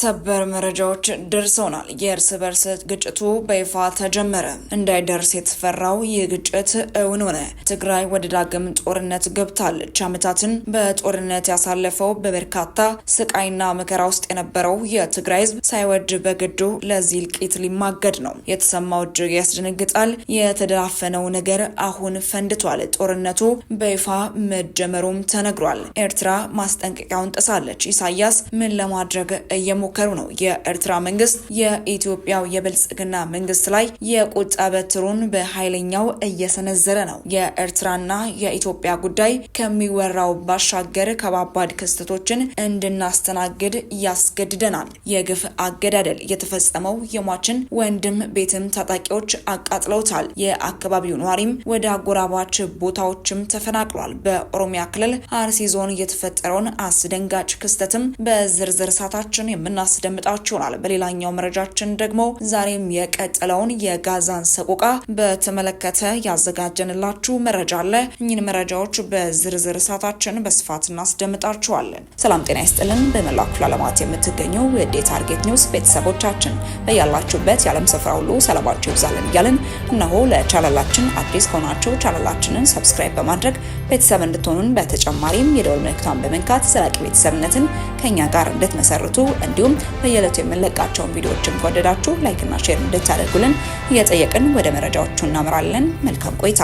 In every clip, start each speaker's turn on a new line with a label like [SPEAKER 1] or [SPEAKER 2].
[SPEAKER 1] ሰበር መረጃዎች ደርሰውናል። የእርስ በርስ ግጭቱ በይፋ ተጀመረ። እንዳይደርስ የተፈራው ይህ ግጭት እውን ሆነ። ትግራይ ወደ ዳግም ጦርነት ገብታለች። ዓመታትን በጦርነት ያሳለፈው በበርካታ ስቃይና መከራ ውስጥ የነበረው የትግራይ ሕዝብ ሳይወድ በግዱ ለዚህ እልቂት ሊማገድ ነው። የተሰማው እጅግ ያስደነግጣል። የተደላፈነው ነገር አሁን ፈንድቷል። ጦርነቱ በይፋ መጀመሩም ተነግሯል። ኤርትራ ማስጠንቀቂያውን ጥሳለች። ኢሳያስ ምን ለማድረግ እየሞ እየሞከሩ ነው። የኤርትራ መንግስት የኢትዮጵያው የብልጽግና መንግስት ላይ የቁጣ በትሩን በኃይለኛው እየሰነዘረ ነው። የኤርትራና የኢትዮጵያ ጉዳይ ከሚወራው ባሻገር ከባባድ ክስተቶችን እንድናስተናግድ ያስገድደናል። የግፍ አገዳደል የተፈጸመው የሟችን ወንድም ቤትም ታጣቂዎች አቃጥለውታል። የአካባቢው ነዋሪም ወደ አጎራባች ቦታዎችም ተፈናቅሏል። በኦሮሚያ ክልል አርሲ ዞን የተፈጠረውን አስደንጋጭ ክስተትም በዝርዝር ሳታችን የምና የምናስደምጣችሁናል። በሌላኛው መረጃችን ደግሞ ዛሬም የቀጠለውን የጋዛን ሰቆቃ በተመለከተ ያዘጋጀንላችሁ መረጃ አለ። እኚህን መረጃዎች በዝርዝር እሳታችን በስፋት እናስደምጣችኋለን። ሰላም ጤና ይስጥልን። በመላ ክፍለ ዓለማት የምትገኙ የዴ ታርጌት ኒውስ ቤተሰቦቻችን በያላችሁበት የዓለም ስፍራ ሁሉ ሰላማችሁ ይብዛልን እያልን እነሆ ለቻናላችን አዲስ ከሆናችሁ ቻናላችንን ሰብስክራይብ በማድረግ ቤተሰብ እንድትሆኑን በተጨማሪም የደወል ምልክቷን በመንካት ዘላቂ ቤተሰብነትን ከእኛ ጋር እንድትመሰርቱ እንዲሁም እንዲሁም በየዕለቱ የምንለቃቸውን ቪዲዮዎችን ከወደዳችሁ ላይክና ሼር እንድታደርጉልን እየጠየቅን ወደ መረጃዎቹ እናምራለን። መልካም ቆይታ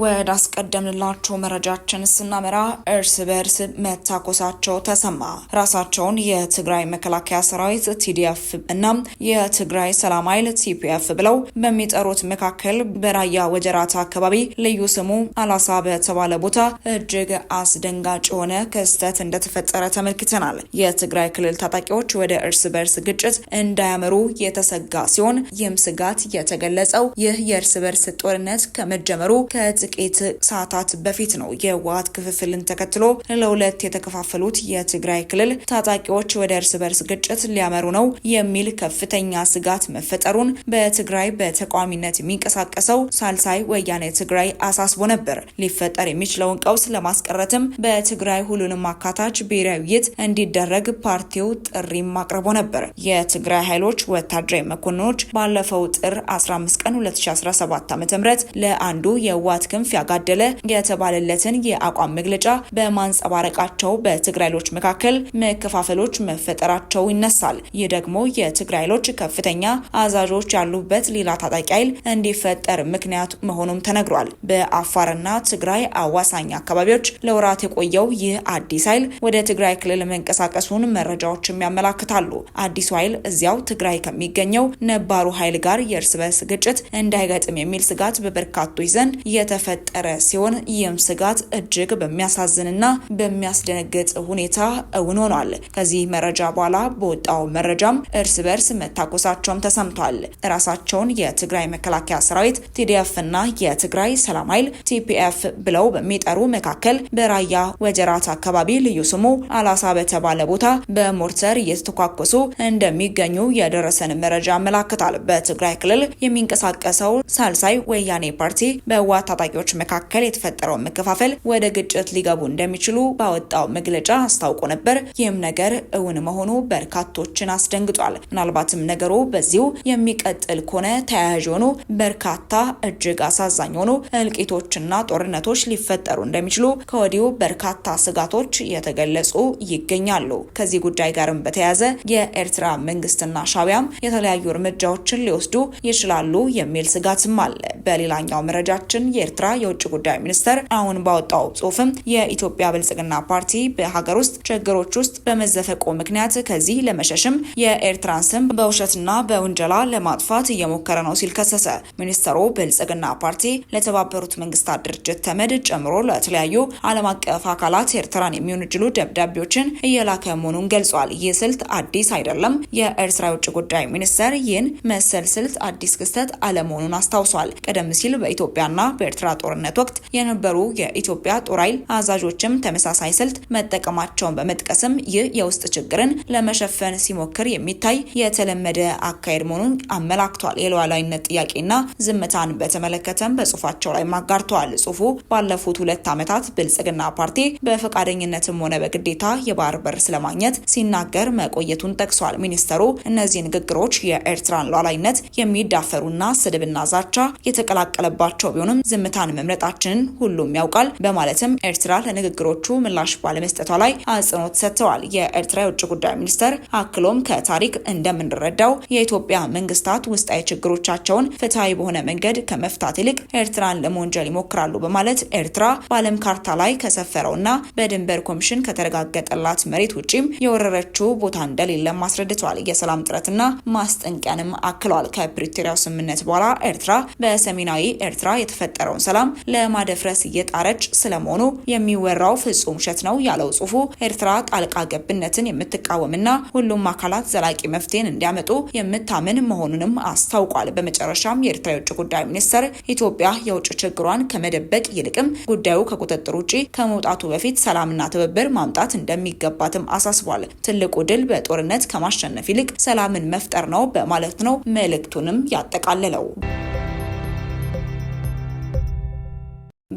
[SPEAKER 1] ወደ አስቀደምንላቸው መረጃችን ስናመራ እርስ በእርስ መታኮሳቸው ተሰማ። ራሳቸውን የትግራይ መከላከያ ሰራዊት ቲዲኤፍ እና የትግራይ ሰላም ኃይል ቲፒኤፍ ብለው በሚጠሩት መካከል በራያ ወጀራት አካባቢ ልዩ ስሙ አላሳ በተባለ ቦታ እጅግ አስደንጋጭ የሆነ ክስተት እንደተፈጠረ ተመልክተናል። የትግራይ ክልል ታጣቂዎች ወደ እርስ በእርስ ግጭት እንዳያመሩ የተሰጋ ሲሆን ይህም ስጋት የተገለጸው ይህ የእርስ በእርስ ጦርነት ከመጀመሩ ከ ጥቂት ሰዓታት በፊት ነው። የህወሀት ክፍፍልን ተከትሎ ለሁለት የተከፋፈሉት የትግራይ ክልል ታጣቂዎች ወደ እርስ በርስ ግጭት ሊያመሩ ነው የሚል ከፍተኛ ስጋት መፈጠሩን በትግራይ በተቃዋሚነት የሚንቀሳቀሰው ሳልሳይ ወያኔ ትግራይ አሳስቦ ነበር። ሊፈጠር የሚችለውን ቀውስ ለማስቀረትም በትግራይ ሁሉንም አካታች ብሔራዊ ውይይት እንዲደረግ ፓርቲው ጥሪም አቅርቦ ነበር። የትግራይ ኃይሎች ወታደራዊ መኮንኖች ባለፈው ጥር 15 ቀን 2017 ም ለአንዱ የህወሓት ክንፍ ያጋደለ የተባለለትን የአቋም መግለጫ በማንጸባረቃቸው በትግራይ ኃይሎች መካከል መከፋፈሎች መፈጠራቸው ይነሳል። ይህ ደግሞ የትግራይ ኃይሎች ከፍተኛ አዛዦች ያሉበት ሌላ ታጣቂ ኃይል እንዲፈጠር ምክንያት መሆኑም ተነግሯል። በአፋርና ትግራይ አዋሳኝ አካባቢዎች ለወራት የቆየው ይህ አዲስ ኃይል ወደ ትግራይ ክልል መንቀሳቀሱን መረጃዎችም ያመላክታሉ። አዲሱ ኃይል እዚያው ትግራይ ከሚገኘው ነባሩ ኃይል ጋር የእርስ በርስ ግጭት እንዳይገጥም የሚል ስጋት በበርካቶች ዘንድ የተፈ የተፈጠረ ሲሆን ይህም ስጋት እጅግ በሚያሳዝንና በሚያስደነግጥ ሁኔታ እውን ሆኗል። ከዚህ መረጃ በኋላ በወጣው መረጃም እርስ በርስ መታኮሳቸውም ተሰምቷል። ራሳቸውን የትግራይ መከላከያ ሰራዊት ቲዲኤፍ እና የትግራይ ሰላም ኃይል ቲፒኤፍ ብለው በሚጠሩ መካከል በራያ ወጀራት አካባቢ ልዩ ስሙ አላሳ በተባለ ቦታ በሞርተር እየተተኳኮሱ እንደሚገኙ የደረሰን መረጃ አመላክታል። በትግራይ ክልል የሚንቀሳቀሰው ሳልሳይ ወያኔ ፓርቲ በህወሓት ታጣቂ ታጣቂዎች መካከል የተፈጠረውን መከፋፈል ወደ ግጭት ሊገቡ እንደሚችሉ ባወጣው መግለጫ አስታውቆ ነበር። ይህም ነገር እውን መሆኑ በርካቶችን አስደንግጧል። ምናልባትም ነገሩ በዚሁ የሚቀጥል ከሆነ ተያያዥ የሆኑ በርካታ እጅግ አሳዛኝ የሆኑ እልቂቶችና ጦርነቶች ሊፈጠሩ እንደሚችሉ ከወዲሁ በርካታ ስጋቶች የተገለጹ ይገኛሉ። ከዚህ ጉዳይ ጋርም በተያያዘ የኤርትራ መንግስትና ሻቢያም የተለያዩ እርምጃዎችን ሊወስዱ ይችላሉ የሚል ስጋትም አለ። በሌላኛው መረጃችን የኤርትራ የኤርትራ የውጭ ጉዳይ ሚኒስቴር አሁን ባወጣው ጽሁፍም የኢትዮጵያ ብልጽግና ፓርቲ በሀገር ውስጥ ችግሮች ውስጥ በመዘፈቁ ምክንያት ከዚህ ለመሸሽም የኤርትራን ስም በውሸትና በውንጀላ ለማጥፋት እየሞከረ ነው ሲል ከሰሰ። ሚኒስትሩ ብልጽግና ፓርቲ ለተባበሩት መንግስታት ድርጅት ተመድ ጨምሮ ለተለያዩ ዓለም አቀፍ አካላት ኤርትራን የሚወነጅሉ ደብዳቤዎችን እየላከ መሆኑን ገልጿል። ይህ ስልት አዲስ አይደለም። የኤርትራ የውጭ ጉዳይ ሚኒስቴር ይህን መሰል ስልት አዲስ ክስተት አለመሆኑን አስታውሷል። ቀደም ሲል በኢትዮጵያና በኤርትራ ጦርነት ወቅት የነበሩ የኢትዮጵያ ጦር ኃይል አዛዦችም ተመሳሳይ ስልት መጠቀማቸውን በመጥቀስም ይህ የውስጥ ችግርን ለመሸፈን ሲሞክር የሚታይ የተለመደ አካሄድ መሆኑን አመላክቷል። የሉዓላዊነት ጥያቄና ዝምታን በተመለከተም በጽሁፋቸው ላይ ማጋርተዋል። ጽሁፉ ባለፉት ሁለት ዓመታት ብልጽግና ፓርቲ በፈቃደኝነትም ሆነ በግዴታ የባህር በር ስለማግኘት ሲናገር መቆየቱን ጠቅሷል። ሚኒስተሩ እነዚህ ንግግሮች የኤርትራን ሉዓላዊነት የሚዳፈሩና ስድብና ዛቻ የተቀላቀለባቸው ቢሆንም ዝምታ ሁኔታን መምረጣችንን ሁሉም ያውቃል በማለትም ኤርትራ ለንግግሮቹ ምላሽ ባለመስጠቷ ላይ አጽንኦት ሰጥተዋል። የኤርትራ የውጭ ጉዳይ ሚኒስተር አክሎም ከታሪክ እንደምንረዳው የኢትዮጵያ መንግስታት ውስጣዊ ችግሮቻቸውን ፍትሐዊ በሆነ መንገድ ከመፍታት ይልቅ ኤርትራን ለመወንጀል ይሞክራሉ በማለት ኤርትራ በዓለም ካርታ ላይ ከሰፈረውና በድንበር ኮሚሽን ከተረጋገጠላት መሬት ውጪም የወረረችው ቦታ እንደሌለም አስረድተዋል። የሰላም ጥረትና ማስጠንቀቂያንም አክሏል። ከፕሪቶሪያው ስምምነት በኋላ ኤርትራ በሰሜናዊ ኤርትራ የተፈጠረውን የነበረውን ሰላም ለማደፍረስ እየጣረች ስለመሆኑ የሚወራው ፍጹም ውሸት ነው ያለው ጽሁፉ ኤርትራ ጣልቃ ገብነትን የምትቃወምና ሁሉም አካላት ዘላቂ መፍትሄን እንዲያመጡ የምታምን መሆኑንም አስታውቋል። በመጨረሻም የኤርትራ የውጭ ጉዳይ ሚኒስትር ኢትዮጵያ የውጭ ችግሯን ከመደበቅ ይልቅም ጉዳዩ ከቁጥጥር ውጭ ከመውጣቱ በፊት ሰላምና ትብብር ማምጣት እንደሚገባትም አሳስቧል። ትልቁ ድል በጦርነት ከማሸነፍ ይልቅ ሰላምን መፍጠር ነው በማለት ነው መልእክቱንም ያጠቃለለው።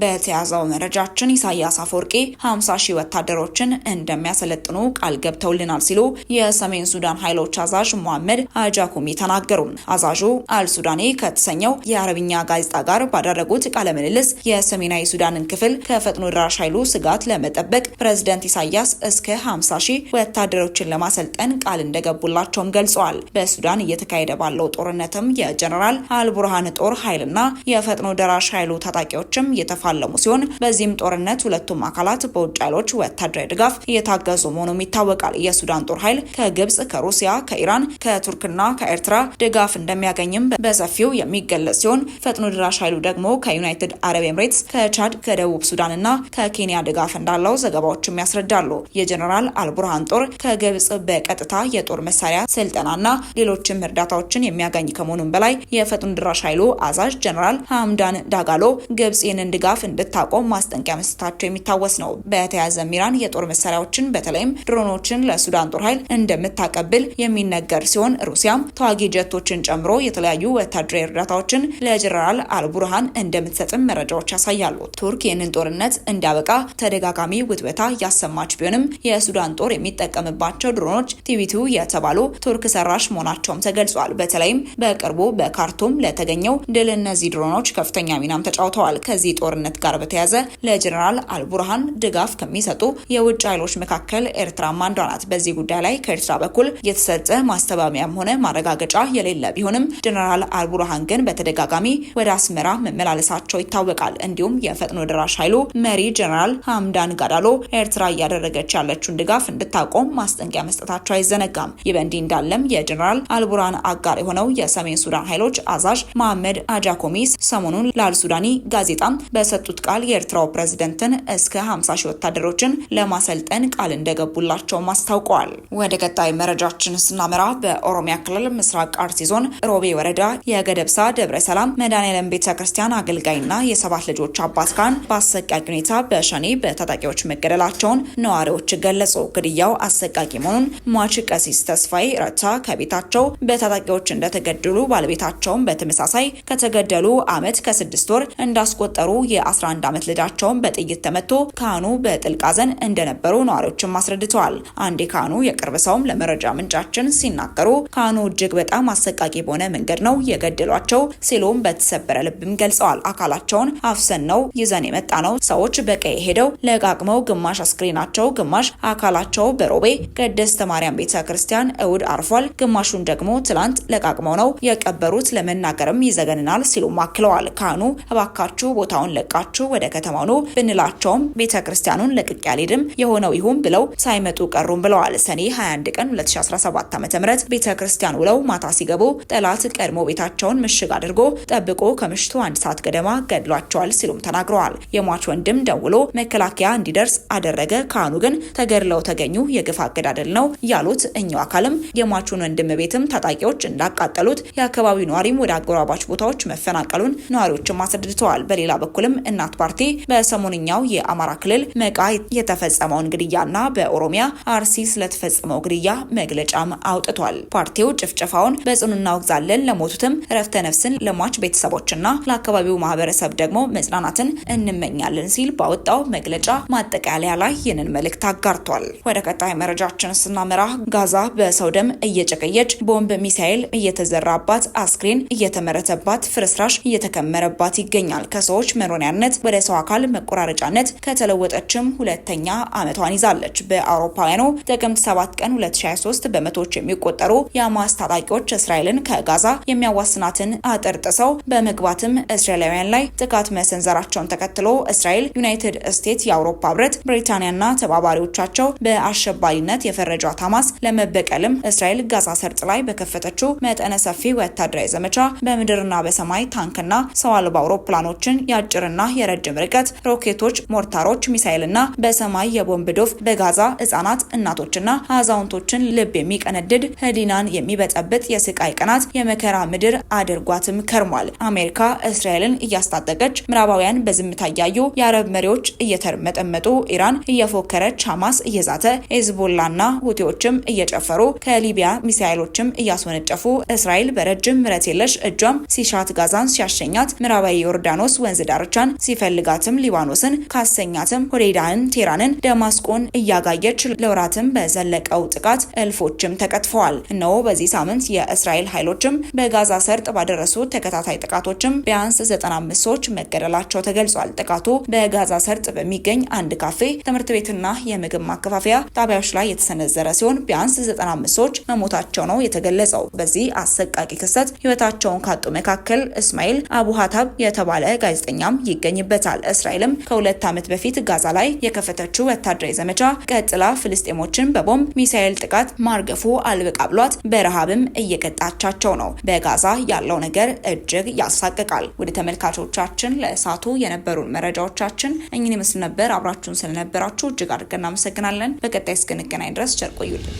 [SPEAKER 1] በተያዘው መረጃችን ኢሳያስ አፈወርቂ 50 ሺህ ወታደሮችን እንደሚያሰለጥኑ ቃል ገብተውልናል ሲሉ የሰሜን ሱዳን ኃይሎች አዛዥ መሐመድ አጃኩሚ ተናገሩ። አዛዡ አልሱዳኔ ከተሰኘው የአረብኛ ጋዜጣ ጋር ባደረጉት ቃለ ምልልስ የሰሜናዊ ሱዳንን ክፍል ከፈጥኖ ደራሽ ኃይሉ ስጋት ለመጠበቅ ፕሬዝደንት ኢሳያስ እስከ 50 ሺህ ወታደሮችን ለማሰልጠን ቃል እንደገቡላቸውም ገልጸዋል። በሱዳን እየተካሄደ ባለው ጦርነትም የጀነራል አልቡርሃን ጦር ኃይልና የፈጥኖ ደራሽ ኃይሉ ታጣቂዎችም የተፋ የተፋለሙ ሲሆን በዚህም ጦርነት ሁለቱም አካላት በውጭ ኃይሎች ወታደራዊ ድጋፍ እየታገዙ መሆኑም ይታወቃል። የሱዳን ጦር ኃይል ከግብጽ፣ ከሩሲያ፣ ከኢራን፣ ከቱርክና ከኤርትራ ድጋፍ እንደሚያገኝም በሰፊው የሚገለጽ ሲሆን ፈጥኖ ድራሽ ኃይሉ ደግሞ ከዩናይትድ አረብ ኤምሬትስ፣ ከቻድ፣ ከደቡብ ሱዳን እና ከኬንያ ድጋፍ እንዳለው ዘገባዎችም ያስረዳሉ። የጀኔራል አልቡርሃን ጦር ከግብጽ በቀጥታ የጦር መሳሪያ ስልጠናና ሌሎችም እርዳታዎችን የሚያገኝ ከመሆኑም በላይ የፈጥኖ ድራሽ ኃይሉ አዛዥ ጀኔራል ሀምዳን ዳጋሎ ግብጽ ይህንን ድጋፍ ድጋፍ እንድታቆም ማስጠንቀቂያ መስጠታቸው የሚታወስ ነው። በተያያዘም ኢራን የጦር መሳሪያዎችን በተለይም ድሮኖችን ለሱዳን ጦር ኃይል እንደምታቀብል የሚነገር ሲሆን ሩሲያም ተዋጊ ጀቶችን ጨምሮ የተለያዩ ወታደራዊ እርዳታዎችን ለጀነራል አልቡርሃን እንደምትሰጥም መረጃዎች ያሳያሉ። ቱርክ ይህንን ጦርነት እንዲያበቃ ተደጋጋሚ ውትበታ ያሰማች ቢሆንም የሱዳን ጦር የሚጠቀምባቸው ድሮኖች ቲቪቱ የተባሉ ቱርክ ሰራሽ መሆናቸውም ተገልጿል። በተለይም በቅርቡ በካርቱም ለተገኘው ድል እነዚህ ድሮኖች ከፍተኛ ሚናም ተጫውተዋል። ከዚህ ጦርነት ጦርነት ጋር በተያያዘ ለጀኔራል አልቡርሃን ድጋፍ ከሚሰጡ የውጭ ኃይሎች መካከል ኤርትራም አንዷ ናት። በዚህ ጉዳይ ላይ ከኤርትራ በኩል የተሰጠ ማስተባበያም ሆነ ማረጋገጫ የሌለ ቢሆንም ጀኔራል አልቡርሃን ግን በተደጋጋሚ ወደ አስመራ መመላለሳቸው ይታወቃል። እንዲሁም የፈጥኖ ደራሽ ኃይሉ መሪ ጀኔራል ሀምዳን ጋዳሎ ኤርትራ እያደረገች ያለችውን ድጋፍ እንድታቆም ማስጠንቀቂያ መስጠታቸው አይዘነጋም። ይህ በእንዲህ እንዳለም የጀኔራል አልቡርሃን አጋር የሆነው የሰሜን ሱዳን ኃይሎች አዛዥ መሐመድ አጃኮሚስ ሰሞኑን ለአልሱዳኒ ጋዜጣም በሰ በሰጡት ቃል የኤርትራው ፕሬዝደንትን እስከ 50 ሺህ ወታደሮችን ለማሰልጠን ቃል እንደገቡላቸውም አስታውቀዋል። ወደ ቀጣይ መረጃችን ስናመራ በኦሮሚያ ክልል ምስራቅ አርሲ ዞን ሮቤ ወረዳ የገደብሳ ደብረ ሰላም መድኃኔዓለም ቤተ ክርስቲያን አገልጋይና የሰባት ልጆች አባት ካህን በአሰቃቂ ሁኔታ በሸኔ በታጣቂዎች መገደላቸውን ነዋሪዎች ገለጹ። ግድያው አሰቃቂ መሆኑን ሟች ቀሲስ ተስፋዬ ረታ ከቤታቸው በታጣቂዎች እንደተገደሉ ባለቤታቸውም በተመሳሳይ ከተገደሉ ዓመት ከስድስት ወር እንዳስቆጠሩ የ 11 ዓመት ልጃቸውን በጥይት ተመቶ ካህኑ በጥልቅ ሐዘን እንደነበሩ ነዋሪዎችም አስረድተዋል። አንድ ካህኑ የቅርብ ሰውም ለመረጃ ምንጫችን ሲናገሩ ካህኑ እጅግ በጣም አሰቃቂ በሆነ መንገድ ነው የገደሏቸው ሲሉም በተሰበረ ልብም ገልጸዋል። አካላቸውን አፍሰን ነው ይዘን የመጣ ነው። ሰዎች በቀይ ሄደው ለቃቅመው ግማሽ አስክሬናቸው፣ ግማሽ አካላቸው በሮቤ ቅድስተ ማርያም ቤተ ክርስቲያን እውድ አርፏል። ግማሹን ደግሞ ትላንት ለቃቅመው ነው የቀበሩት። ለመናገርም ይዘገንናል ሲሉም አክለዋል። ካህኑ እባካችሁ ቦታውን ለቀ በቃችሁ ወደ ከተማው ነው ብንላቸውም ቤተ ክርስቲያኑን ለቅቄ አልሄድም የሆነው ይሁን ብለው ሳይመጡ ቀሩም ብለዋል። ሰኔ 21 ቀን 2017 ዓ.ም ቤተ ክርስቲያን ውለው ማታ ሲገቡ ጠላት ቀድሞ ቤታቸውን ምሽግ አድርጎ ጠብቆ ከምሽቱ አንድ ሰዓት ገደማ ገድሏቸዋል ሲሉም ተናግረዋል። የሟች ወንድም ደውሎ መከላከያ እንዲደርስ አደረገ። ካህኑ ግን ተገድለው ተገኙ፣ የግፍ አገዳደል ነው ያሉት እኛው አካልም የሟቹን ወንድም ቤትም ታጣቂዎች እንዳቃጠሉት የአካባቢው ነዋሪም ወደ አጎራባች ቦታዎች መፈናቀሉን ነዋሪዎችም አስረድተዋል። በሌላ በኩልም እናት ፓርቲ በሰሞንኛው የአማራ ክልል መቃ የተፈጸመውን ግድያና በኦሮሚያ አርሲ ስለተፈጸመው ግድያ መግለጫም አውጥቷል። ፓርቲው ጭፍጨፋውን በጽኑ እናወግዛለን፣ ለሞቱትም ረፍተ ነፍስን፣ ለሟች ቤተሰቦችና ለአካባቢው ማህበረሰብ ደግሞ መጽናናትን እንመኛለን ሲል ባወጣው መግለጫ ማጠቃለያ ላይ ይህንን መልእክት አጋርቷል። ወደ ቀጣይ መረጃችን ስናመራ ጋዛ በሰው ደም እየጨቀየች ቦምብ፣ ሚሳኤል እየተዘራባት፣ አስክሬን እየተመረተባት፣ ፍርስራሽ እየተከመረባት ይገኛል። ከሰዎች መኖሪያ ተቆጣጣሪነት ወደ ሰው አካል መቆራረጫነት ከተለወጠችም ሁለተኛ ዓመቷን ይዛለች። በአውሮፓውያኑ ጥቅምት 7 ቀን 2023 በመቶዎች የሚቆጠሩ የሐማስ ታጣቂዎች እስራኤልን ከጋዛ የሚያዋስናትን አጥር ጥሰው በመግባትም እስራኤላውያን ላይ ጥቃት መሰንዘራቸውን ተከትሎ እስራኤል፣ ዩናይትድ ስቴትስ፣ የአውሮፓ ህብረት፣ ብሪታንያና ተባባሪዎቻቸው በአሸባሪነት የፈረጇት ሐማስ ለመበቀልም እስራኤል ጋዛ ሰርጥ ላይ በከፈተችው መጠነ ሰፊ ወታደራዊ ዘመቻ በምድርና በሰማይ ታንክና ሰው አልባ አውሮፕላኖችን ያጭርና የአየርና የረጅም ርቀት ሮኬቶች፣ ሞርታሮች፣ ሚሳይልና በሰማይ የቦምብ ዶፍ በጋዛ ህጻናት፣ እናቶችና አዛውንቶችን ልብ የሚቀነድድ ህሊናን የሚበጠብጥ የስቃይ ቀናት የመከራ ምድር አድርጓትም ከርሟል። አሜሪካ እስራኤልን እያስታጠቀች፣ ምዕራባውያን በዝምታ እያዩ፣ የአረብ መሪዎች እየተርመጠመጡ፣ ኢራን እየፎከረች፣ ሐማስ እየዛተ፣ ሄዝቦላና ሁቴዎችም እየጨፈሩ፣ ከሊቢያ ሚሳይሎችም እያስወነጨፉ፣ እስራኤል በረጅም ምረት የለሽ እጇም ሲሻት ጋዛን ሲያሸኛት፣ ምዕራባዊ ዮርዳኖስ ወንዝ ዳርቻን ሱዳን ሲፈልጋትም ሊባኖስን ካሰኛትም ሁዴዳን፣ ቴራንን፣ ደማስቆን እያጋየች ለወራትም በዘለቀው ጥቃት እልፎችም ተቀጥፈዋል። እነሆ በዚህ ሳምንት የእስራኤል ኃይሎችም በጋዛ ሰርጥ ባደረሱ ተከታታይ ጥቃቶችም ቢያንስ 95 ሰዎች መገደላቸው ተገልጿል። ጥቃቱ በጋዛ ሰርጥ በሚገኝ አንድ ካፌ፣ ትምህርት ቤትና የምግብ ማከፋፈያ ጣቢያዎች ላይ የተሰነዘረ ሲሆን ቢያንስ 95 ሰዎች መሞታቸው ነው የተገለጸው። በዚህ አሰቃቂ ክስተት ህይወታቸውን ካጡ መካከል እስማኤል አቡ ሀታብ የተባለ ጋዜጠኛም ይገኝበታል። እስራኤልም ከሁለት ዓመት በፊት ጋዛ ላይ የከፈተችው ወታደራዊ ዘመቻ ቀጥላ ፍልስጤሞችን በቦምብ ሚሳኤል ጥቃት ማርገፉ አልበቃ ብሏት በረሃብም እየቀጣቻቸው ነው። በጋዛ ያለው ነገር እጅግ ያሳቅቃል። ወደ ተመልካቾቻችን ለእሳቱ የነበሩን መረጃዎቻችን እኚህን ይመስል ነበር። አብራችሁን ስለነበራችሁ እጅግ አድርገን እናመሰግናለን። በቀጣይ እስክንገናኝ ድረስ ቸር ቆዩልን።